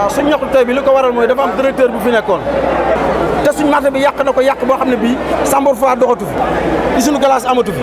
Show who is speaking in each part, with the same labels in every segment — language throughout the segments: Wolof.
Speaker 1: waaw suñ ñaxtu tey bi li ko waral mooy dafa am bu fi nekkoon te suñ marché bi yàq na ko yàq boo xam ne bii Sambour Foire doxatu fi isunu glace amatu fi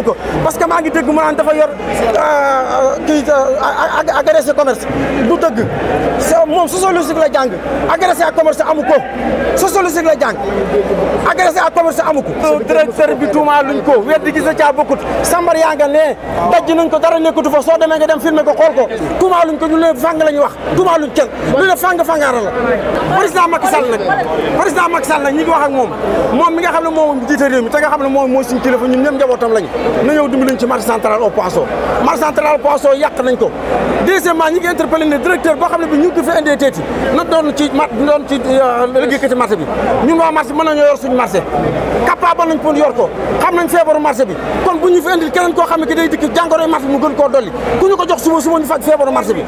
Speaker 1: amu parce que maa ngi dégg mu naan dafa yor euh, kii euh, agressé commerce du dëgg moom sociologique la jàng agressé à commerce amu ko sociologique la jàng agressé à commerce amu ko directeur bi tuuma luñ ko weddi gis na caa bokkut sambar yaa nga ne daj nañ ko dara nekkatu fa soo demee nga dem filmer ko xool ko tuuma luñ ko ñu ne fang la ñu wax tuuma luñ kenn lu ne fang fangaara la président Macky nag ñi ngi wax moom mi nga xam ne moom jiite réew mi te nga xam na ñëw dimbali ñu ci marché central au poisson marché central au poisson yàq nañ ko deuxièmement ñi ngi interpellé ne directeur boo xam ne bi ñu ma doon ci euh, liggéeykati marché bi ñun waa marché mën nañoo yor suñu marché capable nañ pour yor ko xam nañ feebaru marché bi kon bu ñu fi indil keneen koo xam ne ki day dikk jàngoroy marché bi mu gën koo dolli ku ñu ko jox suba suba ñu faj feebaru marché bi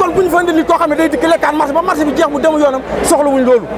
Speaker 1: kon bu ñu fi indil koo xam ne day lekkaan marché ba marché bi jeex mu demu yoonam soxla wuñ loolu